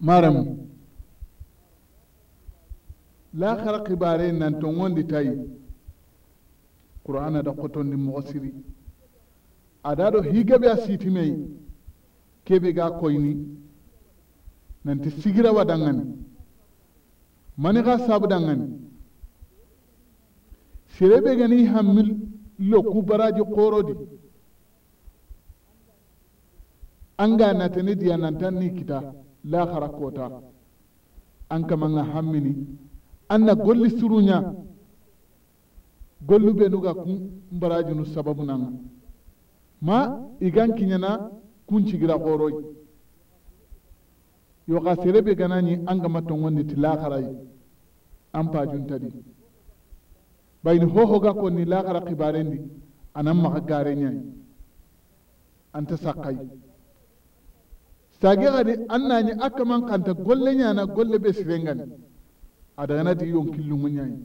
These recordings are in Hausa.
maram la kibarai nan nan to ta tay qur'ana da qotondi mo siri ada do higabe asiti mei kebe ga nan ta sigira wa dangane mani ga sabu dangani sirebe gani hammil lo ku baraji qorodi anga diya ni kita la kota an kamanga hammini na golli surunya gollu be nuga kun mbarajunu sababu nan ma igan kiñana kuncigira horoi yo xa be ganani an gama tongonditi laxarayi an pajuntadi bayini hohoga konni laxara xibarendi anan maxa garenya anta sakai ni gadi annañi akkaman kanta golle ñana golle ada sifengani adaganati yon killungu ñayi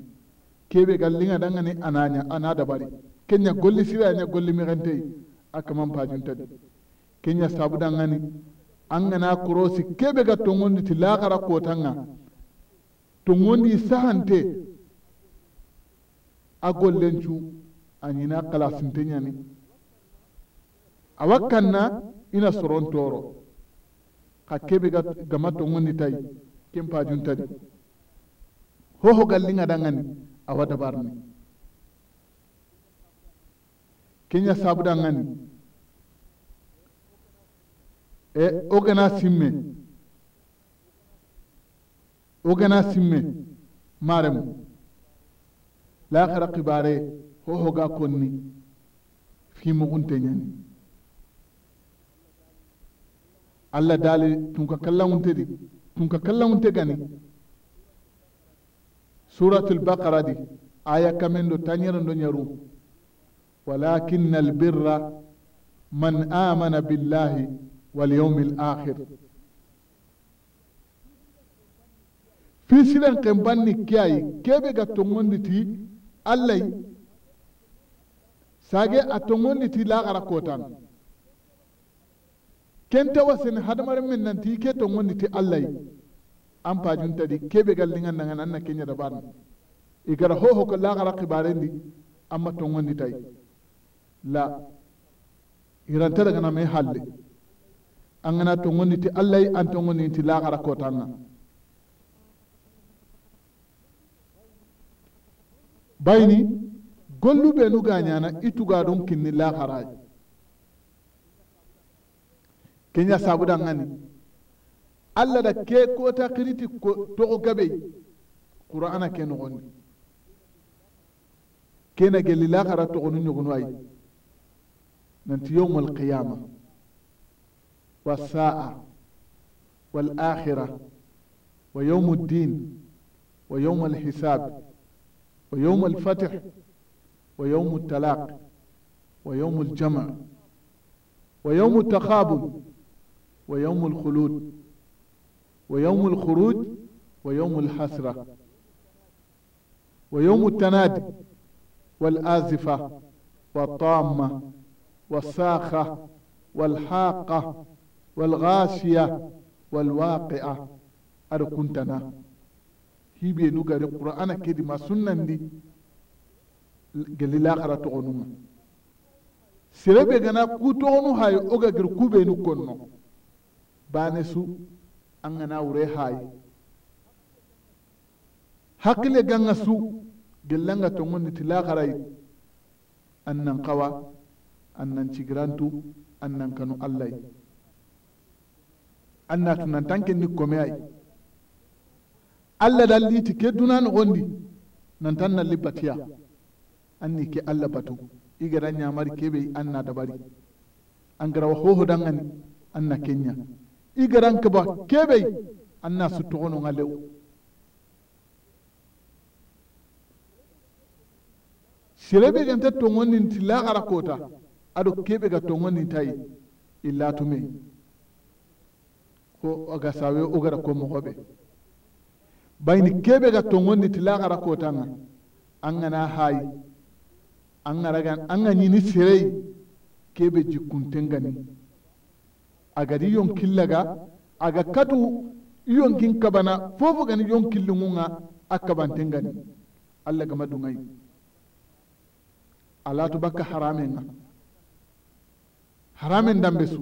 keɓe gallinga dangani anaña ana dabari kenya golli siraña golli mixenteyi akkaman pajuntadi kenya sabu dangani an gana korosi kebe ga tongondi ti laxara kotanga tongondi sahante a gollencu a ñina xalasinte ñani awa kanna ina soron toro hakkebe ga gamatto gondi tayi ken pajun tadi hoho gallinga dangani awa dabarni kenya sabu dangani e o gana simme o gana simme la lahara kibare hoho ga konni fimugunte ñani allah dali tunka kallawuntedi tunka kallawunte gani suratul baqara di aya kamen do tañeren do ñaru walakinna albirra man amana billahi walyaumi l akhir fi siren ken banni keyayi kebe ga tongondi ti allai sage a tongondi ti lagara kotan wasu ne hadamaren min nan ti ke ton wani ti allai an fajun tadi kebe gallingan nan nan na kenya da ban igara ho ho kala gara kibaren di amma ton wani tai la ta daga na mai halle an gana ton wani ti allai an ton wani ti la gara na nan bayni gollu be nu ganyana itu gadon don kinni la kenya sabu sabudan ngani allah da ke ko kota kiriti togo gabe qur'ana ke nogondi kena gelli laxara togonu ñogonu ayi nanti yowma alqiyama wasaa walakhira wa yowmu ddin wa yowma alhisab wa yowma alfatih wa yowmu talaq wa yowmu aljama wa yowmu takabul wa yawmul khulud wa yawmul khuruj wa hasra wa yawmut tanadi wal azifa wa tamma wa sakha wal haqa wal ghashiya wal waqi'a ar kuntana hibe nu gari qur'ana kedi ma sunnandi gelli lakhara togonunga sirebe gana ku togonu hayo oga gir kubenu konno bane su an gana wure hayi hakile ganga su gellanga tongondi tilakarai annan kawa annan cigirantu annan kanu allai anna tunan tanken ni kome ai allah dalli ti ke duna nogondi nan tan nalli batiya anni ke allah batu igara ñamari keɓe anna dabari an garawa an anna kenya igaran ba kebe na su tuhonu nga lewu sirebe ganta tongonin ti lagara kota ado kebe ga ta tayi illa tume ko aga sawe gara ko mogobe bayni kebe ga tongonin ti lagara kota nga an gana hayi an ga an ga nyini sirei kebe jikunten gani a laga a ga katu yonkin kabana fofo gani yonkillungunga a gani allah gama dungayi alatu bakka haramenga haramen dambe su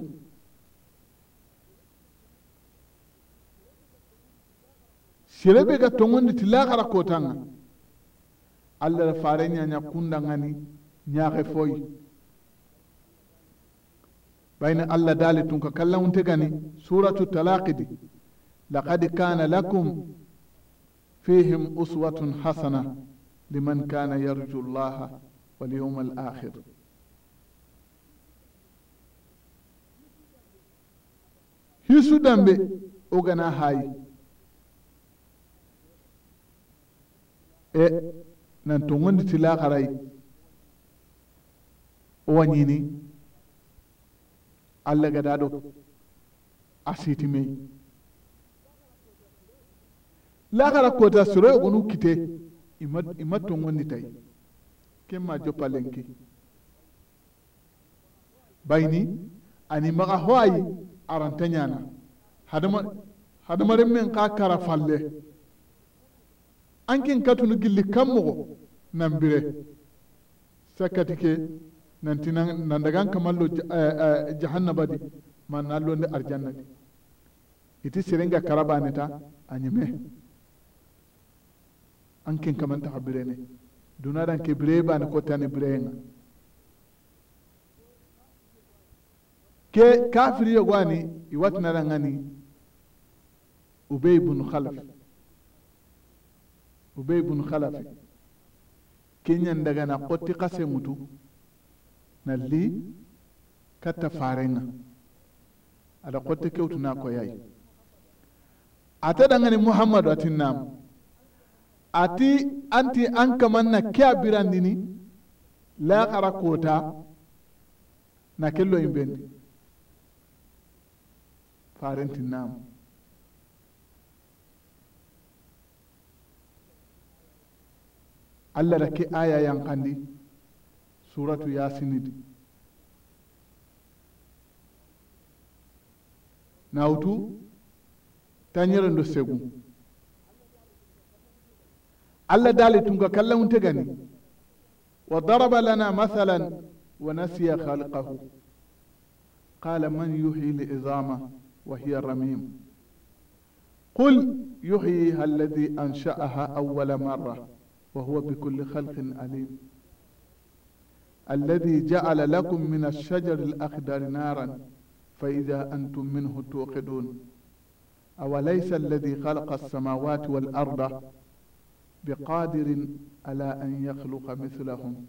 sirebe ga di tilakara kotanga allah da fare ñaña kundangani ñaxe foyi baina allah da'li tun ko kalla gani suratu talaqidi laqad kana lakum fihim uswatun hasana liman kana yarju llaha walyauma al akhir hisu dambe o gana haayi e nan to gondi tila o wañini allah gaɗaɗo a sitimey lakara kota soroy ogonu kite ima tongondi tay ken ma joppalenki bayni ani maga ho ayi aranta ñana hadama hadamaren men falle an ken katunu gilli kan mogo nan bire sakkati ke nanti nan dagan kamallo eh, eh, jahannaba di ma nallonde arjanna di iti sirenga karabaneta a ñeme an ken kamantaxa birene dan ke ko bane ni bireyenga ke kafiri yogwani gani ubey bunu khalafi ubey bunu khalafi daga ñandagana qotti xase ŋutu na li katta farenga ada kotte kewtuna ko a ta dangani muhammadu a tin namu a ti an kamar na ke a birandini lakara kota na kello in bendi tin namu allah da ke aya yankandi suratu yasinidi nawtu tañere ndo segu allah daali tunga kallawunte gani wa daraba lana mathalan wa nasiya halqahu qala man yuhyi lizama wa hiya ramim qul yuhyiha alladi ansha'aha awala marra wa huwa bikulli khalqin alim الذي جعل لكم من الشجر الأخضر نارا فإذا أنتم منه توقدون أوليس الذي خلق السماوات والأرض بقادر على أن يخلق مثلهم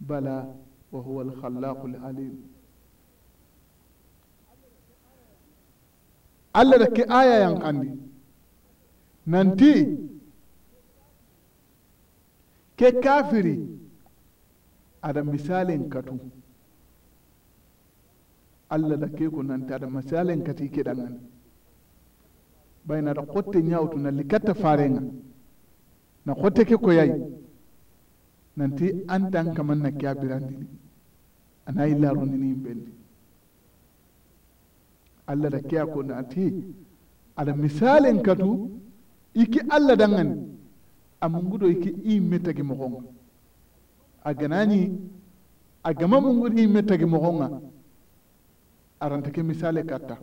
بلى وهو الخلاق العليم allah لك آية ينقني ننتي kandi nanti ada misalin katu allah da ke ta da misalin kati bai na da kotte wutu na likatta nga na kote ke koyayi nanti dan kaman na ni a birandini anayi larundini yimɓendi allah da ke a ko nanti ada misalin katu iki allah a amungudo iki i mettagi mogonga a a gama mun wuri mai tagi mogonga aranta ke misale katta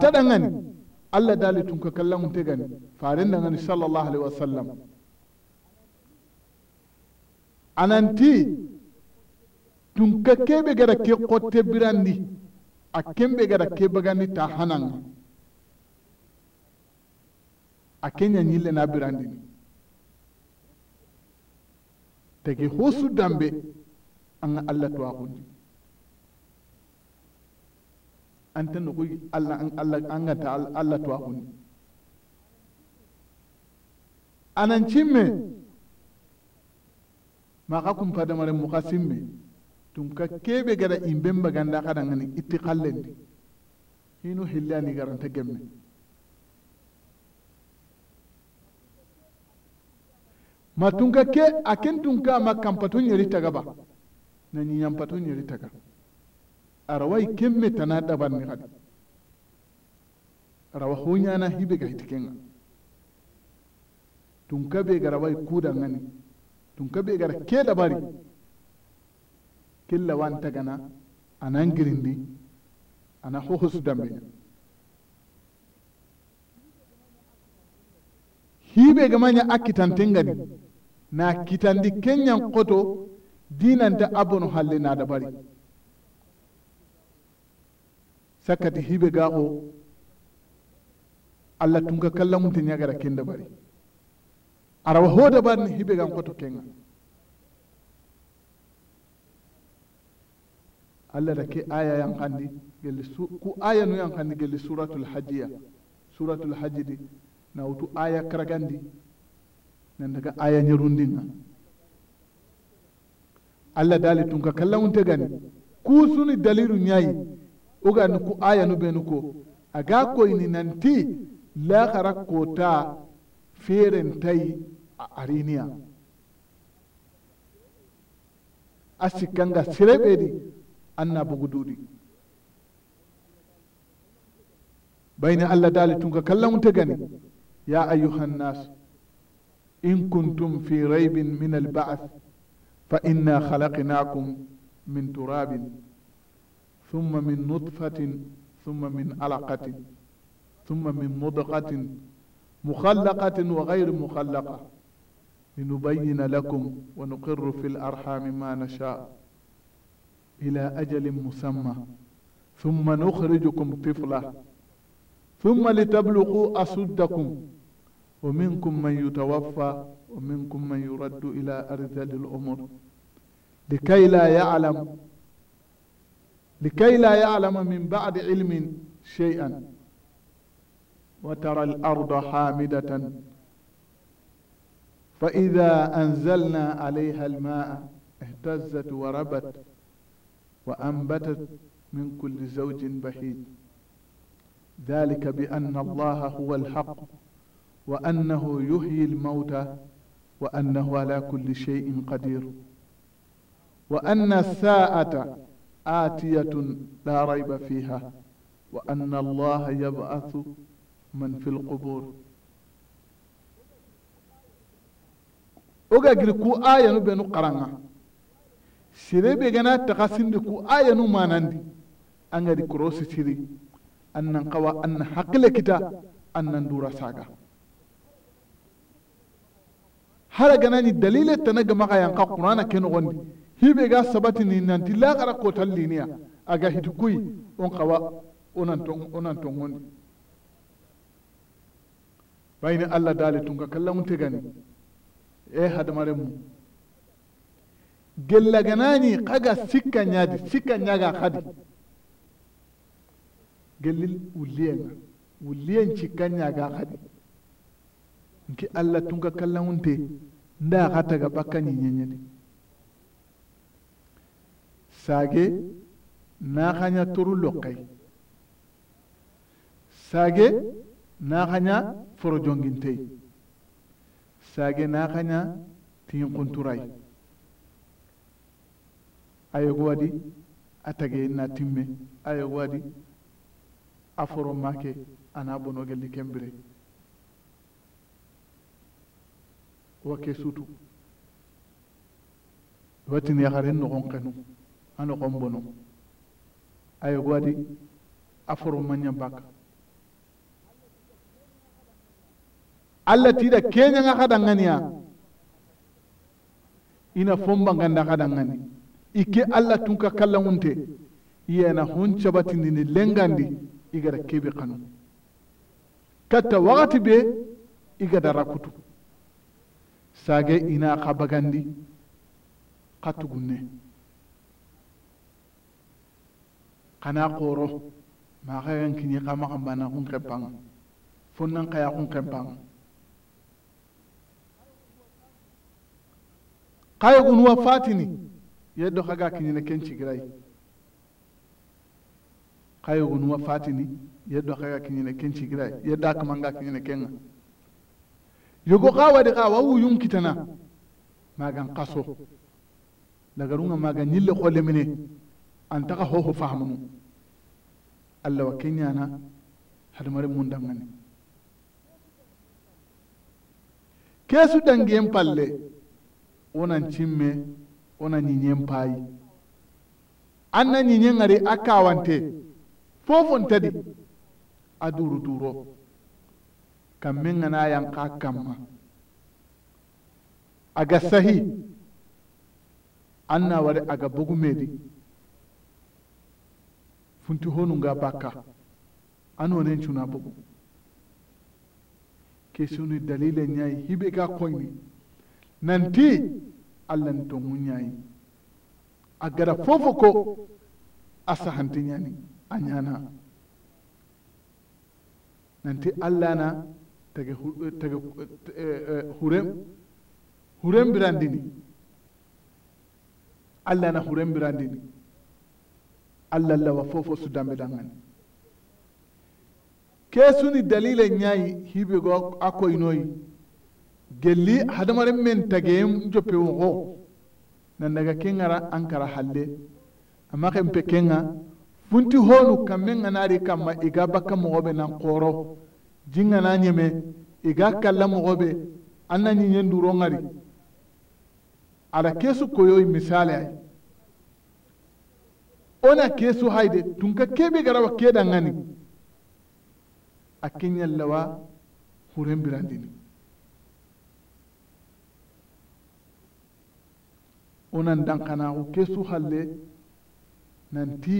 ta dangani allah dali tun ka kallan gani farin dangani sallallahu alaihi wasallam ananti tun ka kebe gara ke kotte birandi a kembe gara ke bagani ta hananga A kenya nyile na ni tege hosu dambe an Allah to akundi an ta nuku Allah an Allah an ta Allah to akundi anan cimme maka kun fada mare muka simme tun ka kebe gada imben baganda kada ngani itti kallendi hinu hillani garanta gemme matunga ke a tun tunka ma kampatun yari taga ba na yan patun yari taga arawai me tana daban ni hadi rawa hunya na hibe ga hitikenga tunka be garawai kuda ngani tunka be gara ke da bari killa wan tagana anan girindi ana hohusu dambe ga manya akitan kitantengani na kitandi kenyan koto dinanta abono halle na dabari sakkati ga gaho allah ya gara kin da dabari arawa ho dabarni hiɓe ga koto kenga allah da ke aya handi gelli ku aya nu handi gelli suratul hajiya suratul hajji na wutu aya karagandi nan daga aya na. allah dali tun ka kallawunte gani ku suni dalilu uga ugani ku aya nu benu ko aga koyni nanti lahara kota feren a ariniya a sikkanga sire anna bugududi bayna allah dali tun ka kallawunte gani يا أيها الناس إن كنتم في ريب من البعث فإنا خلقناكم من تراب ثم من نطفة ثم من علقة ثم من مضغة مخلقة وغير مخلقة لنبين لكم ونقر في الأرحام ما نشاء إلى أجل مسمى ثم نخرجكم طفلاً ثم لتبلغوا أسدكم ومنكم من يتوفى ومنكم من يرد إلى أرض الأمور لكي لا يعلم لكي لا يعلم من بعد علم شيئا وترى الأرض حامدة فإذا أنزلنا عليها الماء اهتزت وربت وأنبتت من كل زوج بهيج ذلك بأن الله هو الحق وأنه يحيي الموتى وأنه على كل شيء قدير وأن الساعة آتية لا ريب فيها وأن الله يبعث من في القبور ogagiri ku ayanu benu karanga sire be gana tagasindi ku ayanu manandi angadi korosi siri annan kawa annan hakila kita annan dura saga hara ganani na gama ga ka yanka qur'ana ken gondi hibe ga sabati ni nanti lakara qara ko a ga hitukui on kawa onan ton onan ton dali tun allah dale mun kallan tegani e hadamare mu gella ni kaga sikka nyaadi sikka nyaga hadi. gelil wuliyan wuliyen cikkan ga xadi ki allah tunka kallanŋunte nda ga taga bakka ne sage hanya turu loqay sage naxaña forojongintey sage naxaña tinxunturay ayogo wadi a tage na timme ayogo wadi a na ana bonogelli kembire ke sutu watin yaxaren noxon xenu a noxon bono a yogo adi a foromma ñambaka allah tiida keñanga xadanganiya ina fombanganda xadangani i ke allah tun tunka kallangunte iyana hun cabatindini lengandi i kebe kanu katta wakati be i rakutu sage ina ka bagandi ka kana koro ka yan kini xa maxan bana kun kempang fo nan xaya xun xempanga xaye gunuwa fatini ye kini kiñine kenci girai kayo gunuma fatini yeddo kaga kiñine ken cigira yedda kamanga kiñine kenga yogo ka wadi ka yum kitana magan kaso runga magan nille qolle mine an taga hoho mu. allah wa na hadamare mun dangani kesu dangiyen palle onan chimme onan ñiñen paayi an na ñiñen ari a kawante fofon tadi a duru duro kammin gana yanka kama a ga sahi an wari a ga bugu medi funti honun ga baka an wani cuna bugu ke suni dalilin yayi hibe ga koini nan ti allah ni to mun yayi a gara fofo ko a sahantin yanin a ñana nanti allana tege tege huren eh, eh, huren birandini allana huren birandini allah lawa fofo su dambe dangani ke suni dalila ñayi hiɓe go a koynoyi gelli hadamaren men tageyen joppe wogo nandaga ke gara an kara halle amma ken pe kenga funti honu kamme ŋanari kamma iga bakka mogoɓe nan koro jingana ñeme i ga kalla mogoɓe an na ñiñen ŋari ala kesu koyoyi misale ay ona kesu hayde tunka keɓe garawa keɗa ŋani a keñallawa huren birandini onan dankanaku kesu halle nanti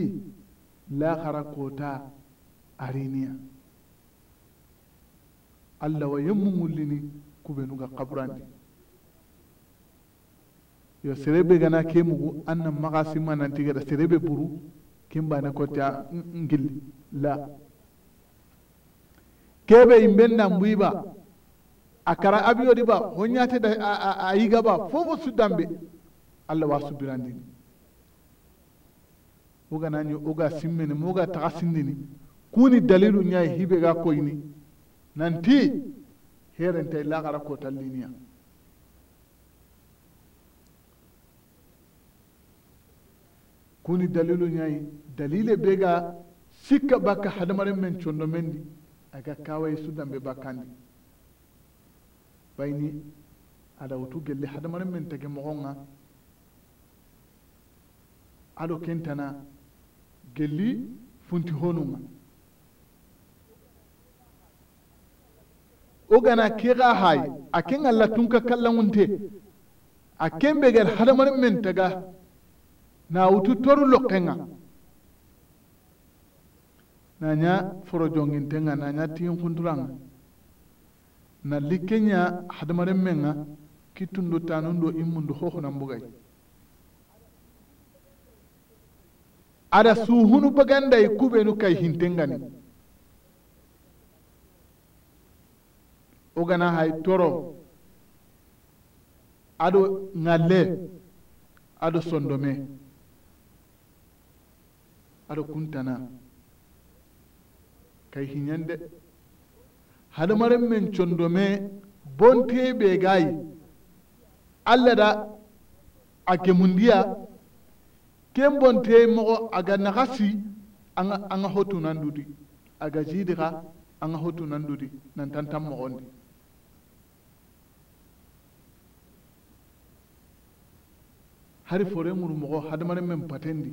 lahara ko kota ariniya allah wa yemmu ngullini kuɓenuga kaburandi yo bai gana ke mugu an nan maga simma nanti gada buru kin ko ta ngilli la kebe imben nan ba a kara di ba ta da a yi gaba fofo dambe, allah wa subirandini uga nani uga simmini muga taxa sindini kuni dalilu ñayi hibe ga koyini nanti herentay laxara kotalliniya kuni dalilu ñayi dalile be ga sikka baka hadamaren men condo men di aga kawaye sudanbe bakkandi bayni ada wutu gelle hadamaren men tege moxon ga ado kentana gelli funti honunga o gana kega hay a ken alla tunka kallangunte a ken be gel hadamaren men taga na wutu toru lokkenga nanya foro jongintenga nanya tiyin kunturanga na likkenya hadamaren menga kittundo tanun do immundu hohonan bugay aɗa suuhunu baganda e kuɓenu kay hintengani ogana hay toro aɗo ŋalle aɗo sondome aɗo kuntana kay hiñande hadamaren men condome bonteɓe gayi allah da a kemundiya ken bonte mogo aga naxasi anga anga hotunan dudi aga jidixa anga hotunan dudi nantantan moxondi hari fore ŋuru mogo hadamaren men patendi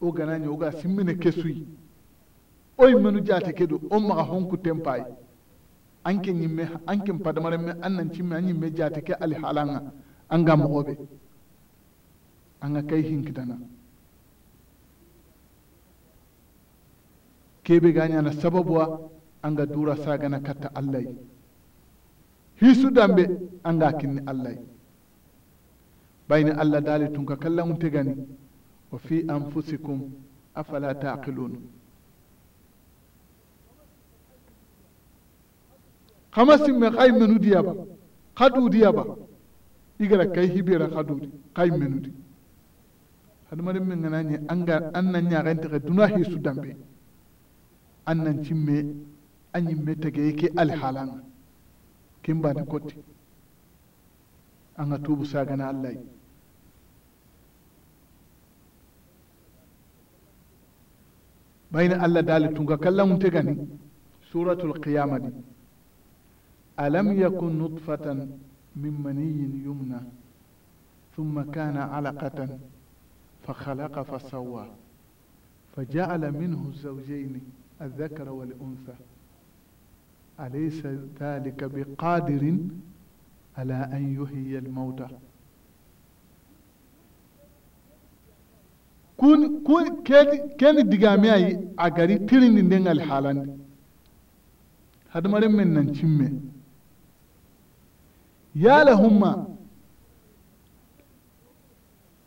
wo ganañe wo ga simmine kesui oyi menu jate kedo do wo maxa honku payi anke ñimme anken padamaren me an nancimme a ñimme jate ke alihalanga an ga moxoɓe an ga kay hinkitana kebe gani ana sababuwa ga dura gana katta allah hisu dambe an ga kinni allah bayni allah dali tun ka kallan gani wa fi anfusikum afala taqilun kama simme kay menu diyaba kadu diyaba igara kai hibira kadu kay menu di hadamaden min ngana an anga anna nyaagante ka duna hisu dambe an nan me an yimme tege ke alhalan kin bani kotu an ga tubu gana allah bayna allah daali ga kallon mutu gani suratul qiyama alam yakun nutfatan min maniyin yumna ثم كان علقة فخلق فسوى فجعل منه الزوجين الذكر والأنثى أليس ذلك بقادر على أن يحيي الموتى kun kun ken digame ay a gari tirindi nden al halande hadamaren men nan cimme yala humma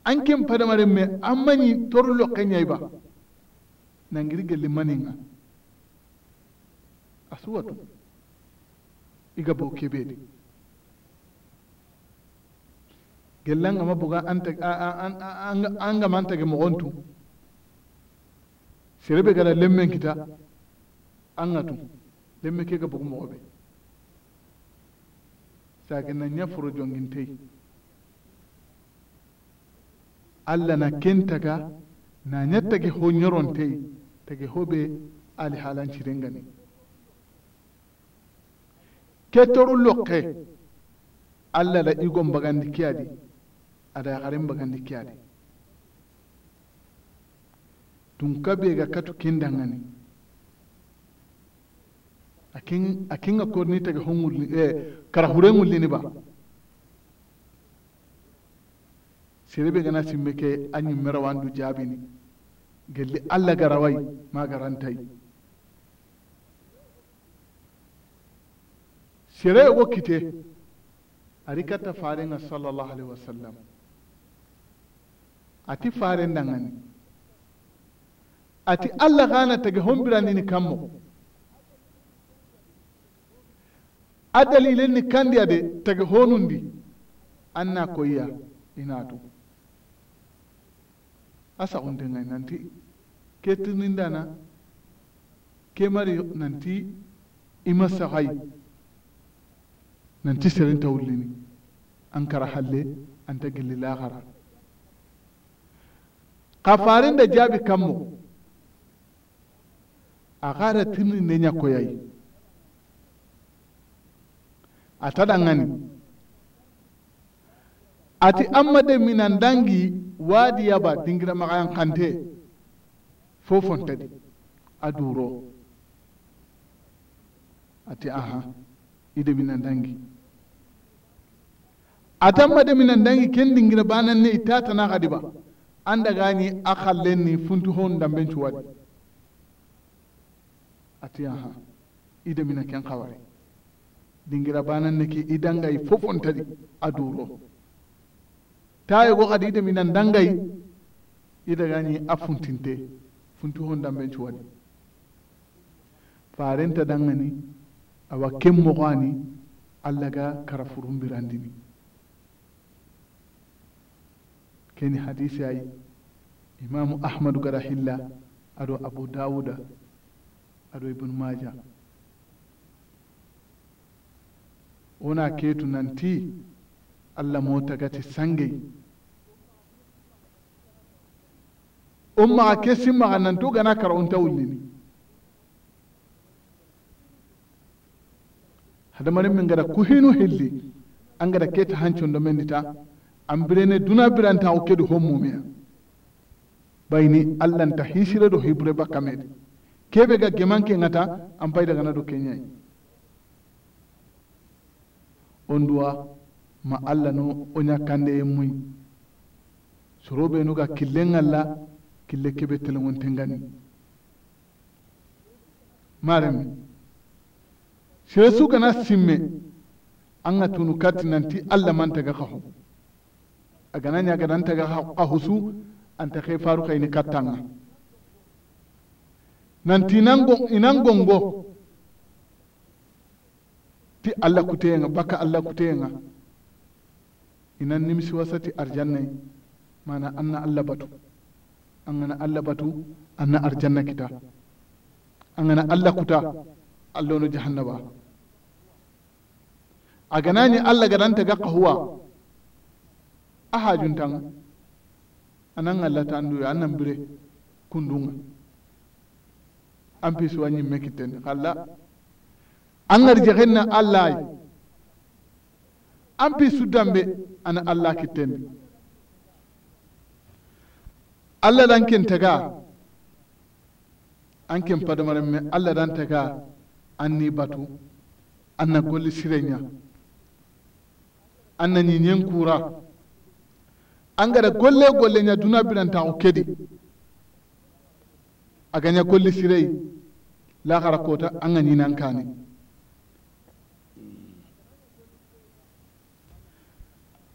an ken padamaren me an mañi torlo keñay ba nangiri gelli maninga aswatu iga boke ne, gellan ga buga an an ga man ga mugontu sirbe ga lemmen kita an atu lemme ke ga bugu mogobe sage na ya furo tai allah na ga na nya tage ho ñorontei hobe ali halan cirengani ketoru lokke alla da igon bagandi kiyadi ada yakarin bagandi kiyadi tun kabe ga katu kindangani akin akin ga korni taga ni eh karahure ngulini ba sirebe gana simmeke anyi merawandu jabini gelli alla garawai ma garantai sire go kite ari katta na sallallahu alaihi wasallam ati faren dangani ati allah gana taga ni kammo a dalilenni kandi ade taga honundi anna koyya inatu asa undengai nanti ketinindana kemari nanti imasahai nan ta wuli serenta an ankara halle anta gelli lahara ka da jabi kammo a gara tirni ne ñakkoyayi a ta a ti ammade minan dangi ya ba waadi yaba dingiramaxayan xante fo fontadi a duro a ti aha ide minan dangi a tan de minan dangi dingira banan ne ta na gadi ba da gani akhallen ni funtu hon damben cuwadi ati aha ida minan ken kawari dingira banan ne ki gai fofon tadi ta yi go gadi ida minan dangai ida gani funtinte funtu hon damben cuwadi farenta dangani awa ken mogani allaga karafurun birandini keni hadisi ay imamu ahmadu gara hilla aɗo abu dawuda aɗo ibnu maja wona ketu nanti allah motagati sangey on maxa ke simmaxa nantu gana kara on ta wullini hadamaren min gada kuhinu hilli an gada keta hancondo men an birene duna biranta o kedi hommumeya bayni allanta hisire do hibre bakka mede kebe ga gemanke ngata an pay daga na do kenyayi on ma allah no o ñakkande e muy soroɓe no ga killen allah kille keɓe telegonte ngani maremi su kana simme an ga tunu katti nanti allah mantaga kaho A a aganantaga ahusu ta kai faru kayni nan nanti inan gongo ti allah kuteyenga baka allah kuteyenga inan nimsi wasati arjannai mana anna allah batu an gana allah batu anna arjanna kita an gana allah kuta allah no jahannaba a ganani allah ta ga kahuwa a hajuntanga anan allata a nan bire kundunga an fi pisuwa ñimme kittende kala an gari jehen na allahy an fi su dambe ala allah kittende allah dan ken taga an ken padamaren me allah dan taga an ni batu an na golli sirenya an na ñiñen kura angara golle golle ña duna binantaxu kedi a gaña golli sirey laxara kota a ga ñinan ne.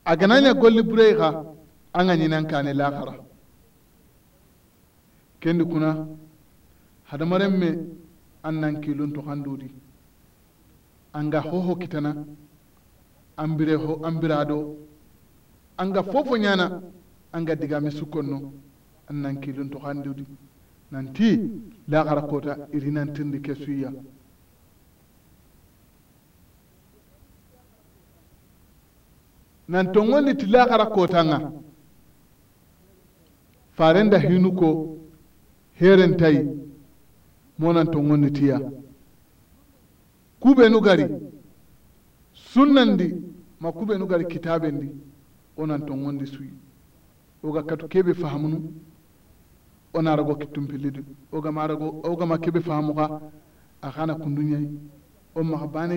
a gana ña golli burey xa a ga ñinan ne laxara kendi kuna hadamaren me an nan kilun toxanduudi anga hoho kitana an bire ho an bira do anga fofo ñana anga diga sukkonno an nan kilun to handudi nanti gara kota irinantindi ke suya nan ngoni ti kota nga farenda hinu ko nan to ngoni tiya kubenu gari sunnandi ma kubenu gari kitabendi onan ton wonde suyi oga katu keɓe faamunu ona rago kittumpillidu ogama rago ogama keɓe faamu xa a xana kunduñayi o maxa bane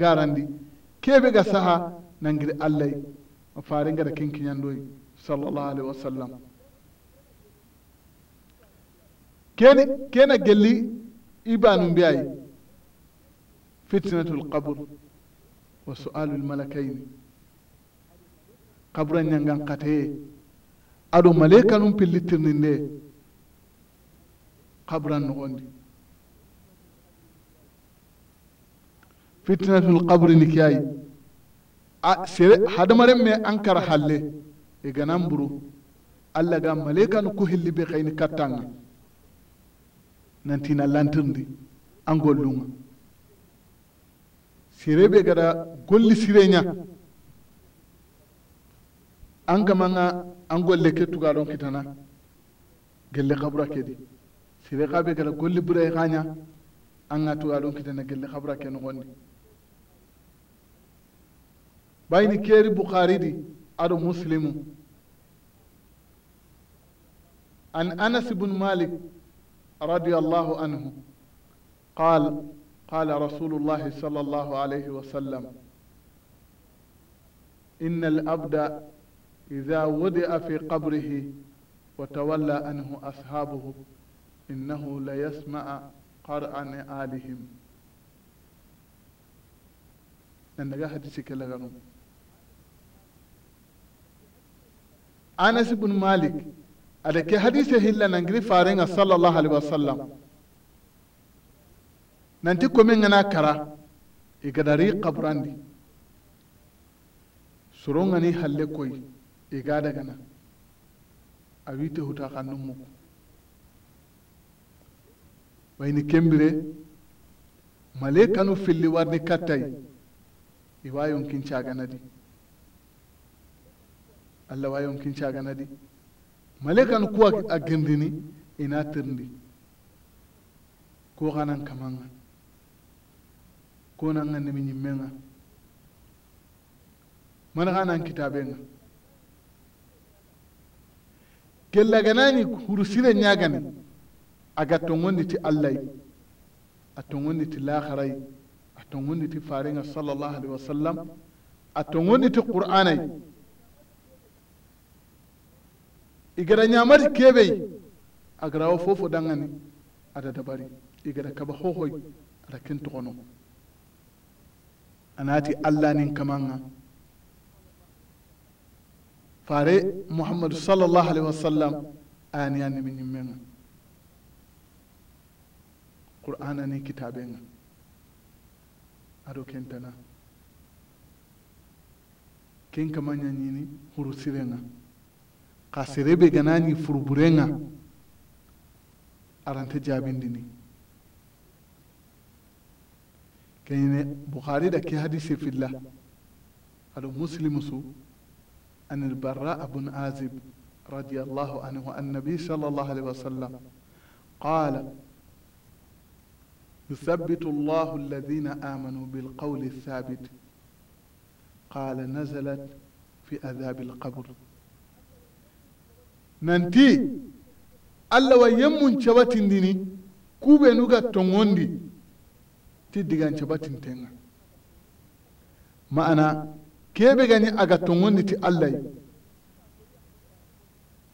garandi keɓe ga saha nangiri allahy o faare ngara ken kiñandoyi sallallahu alaihi wa sallam kene kena gelli ibanu mbiyayi fitnatul qabr wa sualul malakaini kabura ñangan kateye aɗo malaika num pillitirni nde kaburan nogondi fitnatul kabri ni kiyayi a sere hadamaren me ankara halle e ganan buru alla ga maleka nu ku hilli be kayni kattanga nantina lantirndi an gollunga sere be gada golli sireña an nga an golle ke tugaɗon kitana gelle kabura ke di sire xaɓe gala bura bure kanya an ga tugaɗon kitana gelle kabura ke noxondi bayni keri bukhari di ado muslimu an anas bnu malik radiyallahu anhu qal qala rasulullahi sallallahu alaihi wa sallam inna al abda إذا وضع في قبره وتولى عنه أصحابه إنه ليسمع قرع آلهم نندغا حديثي كلا أنس بن مالك أدك حديثه هلا نغري فارنغ صلى الله عليه وسلم nanti komin ŋana kara i gadari kaburandi soro ŋani halle koyi e ga daga nan a wite huta kannun muku wayni kembire male kanu fili warni kattay iwa yonkincaganadi allah wa yonkincaganadi male kanu kuwa a gendini ina tirni ko xanan kamanga ko nanga nemi ñimmenga mana xanan kitabenga gella ganani hurusine nyagani aga ti allahy a ti laharay a ti faringa sallallahu alaihi wasallam a ti qur'anay igara kebe agara wo fofo dangani ada dabari igara kaba hohoy ada ken kono anati allah nin kamanga fare muhammadu sallallahu alaihi wasallam ayani ya nemi ñimmenga qur'ana ni kitabenga aɗo kentana ken kama ñañini huru sirenga xa serebe ganañi furburenga arante jabindini keñine bukhari da ke hadisi filla aɗo muslimu su عن البراء بن عازب رضي الله عنه عن النبي صلى الله عليه وسلم قال يثبت الله الذين آمنوا بالقول الثابت قال نزلت في عذاب القبر nanti allah wa yemmun cabatindini kuɓe nuga togondi ti digan cabatintenga ma'ana kebe gani aga tongondi ti allah yi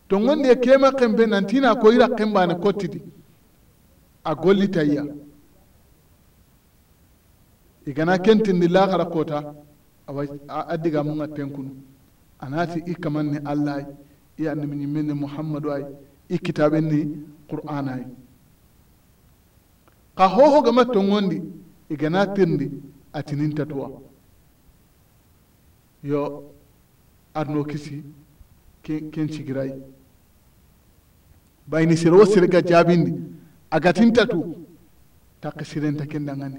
tongondi ya e kema kempe nantina ko ira kembane kottiti a iya igana kentindi lahara kota awa adiga munga tenkunu anati i kamanni allah ay i annimiñimminni muhammadu ay i ni qur'an ay ka hohogama tongondi igana tirndi atinintatuwa yo arno kisi ken, ken cigiray bayni sere wo sere ga jaabindi agatintatu takka sirenta kendangani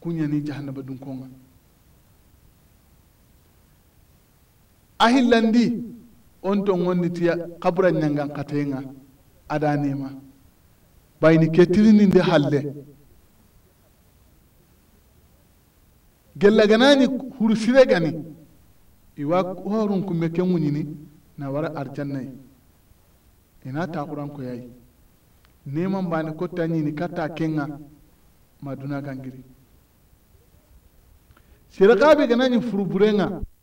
kuñani jahannaba dun konga ahillandi on ton wonni tiya kabura ñangan katenga adanema bayni kettirininde halle gellaganani huru sire gani iwa horun kunbe ken ŋuɲini na wara arjannai ina ta kuran taxuran yayi neman bani ko ta ni ka ta kenga maduna gangiri serekabe gana ɲi